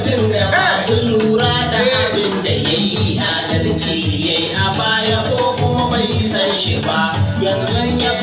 mutum da masu eh. lura da eh. abin da ya yi adalci ya a baya ko kuma bai san shi ba yanzu ya